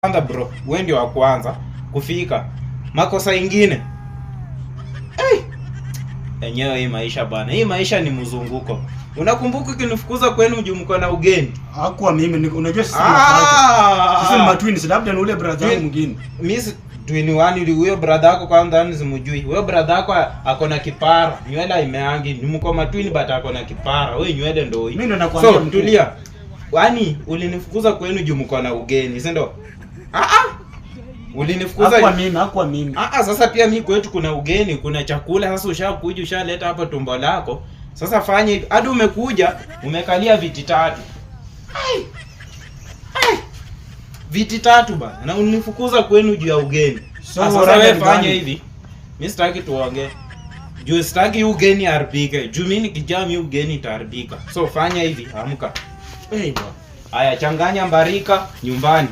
Kwanza bro, wewe ndio wa kwanza kufika. Makosa ingine enyewe hey! Hii maisha bana, hii maisha ni mzunguko. Unakumbuka ukinifukuza kwenu juu mko na ugeni? Hakuwa mimi, unajua sisi ah! sisi ni matwins, labda ni ule brother wangu mwingine. Mimi twin wani ni huyo brother yako kwa ni yaani simjui. Huyo brother yako ako na kipara, nywele imeangi, ni mko matwin but ako na kipara. Wewe nywele ndio hii. Mimi ndo nakwambia, so, mtulia. Wani ulinifukuza kwenu juu mko na ugeni, si ndio? Ah, ah. Ulinifukuza mimi, hakuwa mimi. Ah, ah, sasa pia mimi kwetu kuna ugeni, kuna chakula. Sasa ushakuja ushaleta hapa tumbo lako, sasa fanye hadi umekuja umekalia viti tatu. Ai. Ai. Viti tatu bana, na unifukuza kwenu juu ya ugeni. So sasa wewe fanye hivi, mimi sitaki tuonge juu, sitaki ugeni arbike juu mimi nikijaa mimi ugeni itaharibika. So fanya hivi, amka. Hey, haya changanya mbarika nyumbani